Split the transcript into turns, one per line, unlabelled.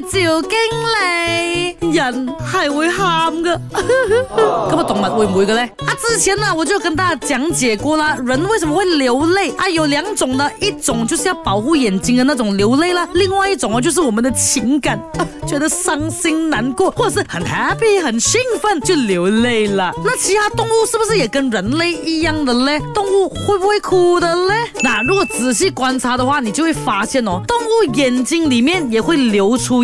酒精理，人係會喊的呵呵呵，咁啊動物會唔會嘅咧？啊之前啊我就跟大家講解過啦，人為什麼會流淚啊？有兩種呢，一種就是要保護眼睛的那種流淚啦，另外一種哦、啊、就是我們的情感，啊、覺得傷心難過，或者是很 happy，很興奮就流淚啦。那其他動物是不是也跟人類一樣的嘞？動物會不會哭的嘞？那如果仔細觀察的話，你就會發現哦，動物眼睛裏面也會流出。